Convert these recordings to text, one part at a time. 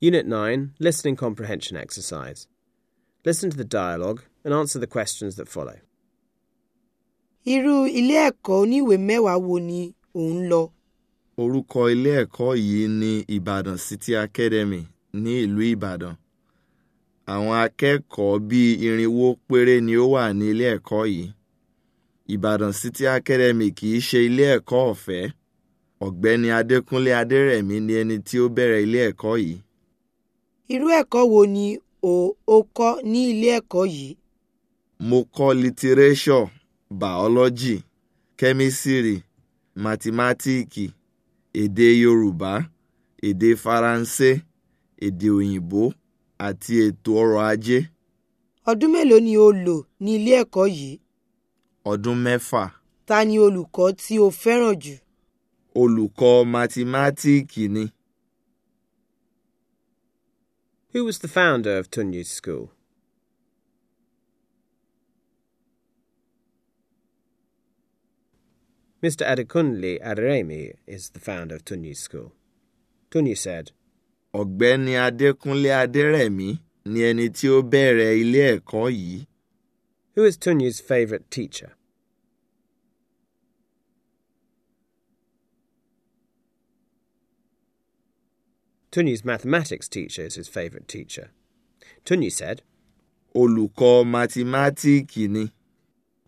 Unit 9 Listening Comprehension Exercise. Listen to the dialogue and answer the questions that follow. Irú ilé ẹ̀kọ́ oníwèé mẹ́wàá wo ni ò ń lọ? Orúkọ ilé ẹ̀kọ́ yìí ni Ìbàdàn City Academy ní ìlú Ìbàdàn. Àwọn akẹ́kọ̀ọ́ bíi irinwó péré ni ó wà ní ilé ẹ̀kọ́ yìí. Ìbàdàn City Academy kì í ṣe ilé ẹ̀kọ́ ọ̀fẹ́. Ọ̀gbẹ́ni Adékúnlé Adérẹ̀mí ni ẹni tí ó bẹ̀rẹ̀ ilé ẹ̀kọ́ yìí. Irú ẹ̀kọ́ wo ni o ò kọ́ ní ilé ẹ̀kọ́ yìí? Mo kọ́ litiréṣọ̀, bàọ́lọ́jì, kẹ́mísírì, màtímátíìkì, èdè Yorùbá, èdè Faransé, èdè òyìnbó àti ètò ọrọ̀ ajé. Ọdún mélòó ni o lò ní ilé ẹ̀kọ́ yìí? Ọdún mẹ́fà. Ta ni olùkọ́ tí o fẹ́ràn jù? Olùkọ́ màtímátíìkì ni. Who was the founder of Tunyu's school? Mr. Adekunle Adaremi is the founder of Tunyu's school. Tunyu said, Ọ̀gbẹ́ni Adékúnlé Adérẹ̀mí ni ẹni tí ó bẹ̀rẹ̀ ilé ẹ̀kọ́ Who is Tunyu's favorite teacher? Tunyi's mathematics teacher is his favorite teacher. Tunyi said, Olùkọ́ mathematics ni.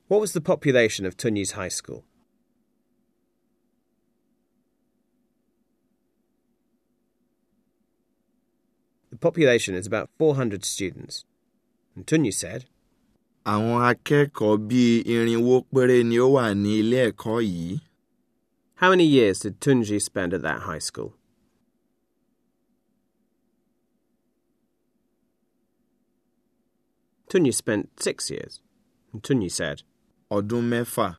What was the population of Tunyi's high school? The population is about 400 students. And Tunyi said, ní How many years did Tunji spend at that high school? Tunyi spent six years. And Tunyi said, Odumefa.